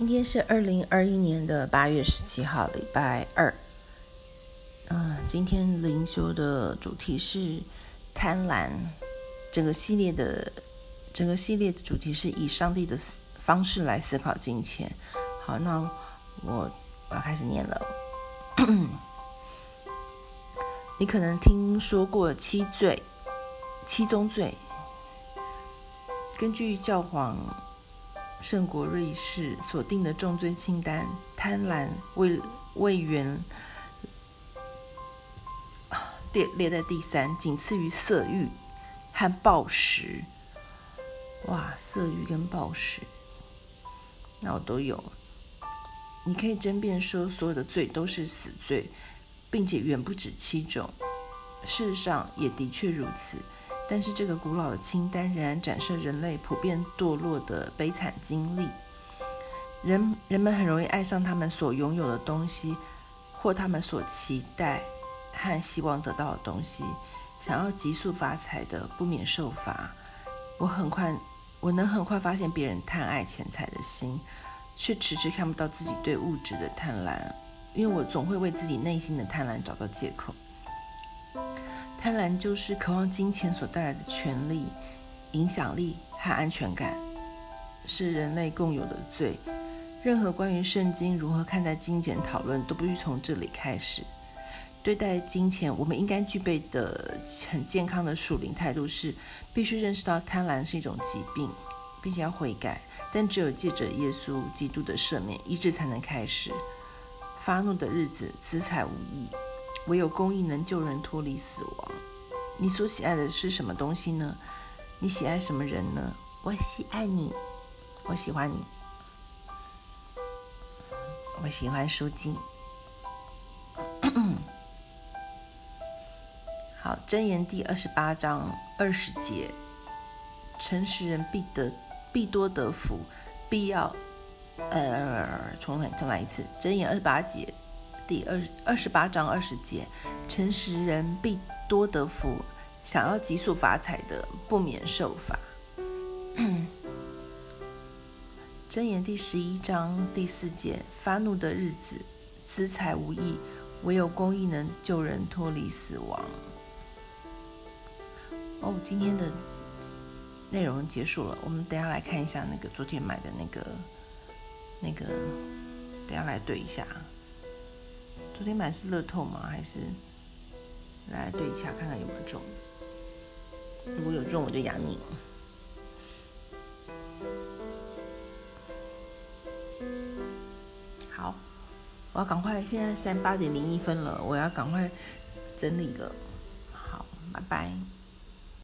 今天是二零二一年的八月十七號，禮拜二。嗯，今天靈修的主題是貪婪。整個系列的整個系列的主題是以上帝的方式來思考金錢。好，那我我要開始念了。 你可能聽說過七罪，七宗罪，根據教皇。聖國瑞一世所定的重罪清單，貪婪位位位列、啊、列在第三，僅次於色慾和暴食。哇，色慾跟暴食，那我都有。你可以爭辯說，所有的罪都是死罪，並且遠不止七種。事實上也的確如此。但是這個古老的清單仍然展示人類普遍墮落的悲慘經歷人。人人們很容易愛上他們所擁有的東西，或他們所期待和希望得到的東西。想要急速發財的，不免受罰。我很快，我能很快發現別人貪愛錢財的心，卻遲遲看不到自己對物質的貪婪，因為我總會為自己內心的貪婪找到借口。貪婪就是渴望金錢所帶來的權力、影響力和安全感，是人類共有的罪。任何關於聖經如何看待金錢的討論，都必須從這裡開始。對待金錢，我們應該具備的很健康的屬靈態度是：必須認識到貪婪是一種疾病，並且要悔改。但只有借着耶穌基督的赦免，醫治才能開始。發怒的日子，資財無益。唯有公義能救人脫離死亡。你所喜愛的是什麼東西呢？你喜愛什麼人呢？我喜愛你，我喜歡你，我喜歡書籍。 好，箴言第二十八章二十節，誠實人必得必多得福，必要。呃，重來重來一次，箴言二十八節。第二二十八章二十節，誠實人必多得福。想要急速發財的，不免受罰。 箴言第十一章第四節，發怒的日子，資財無益，唯有公義能救人脫離死亡。哦、oh,，今天的內容結束了，我們等一下來看一下那個昨天買的那個那個，等一下來對一下。昨天買是樂透嗎？還是來，來對一下看看有沒有中？如果有中，我就養你。好，我要趕快，現在三八點零一分了，我要趕快整理了。好，拜拜。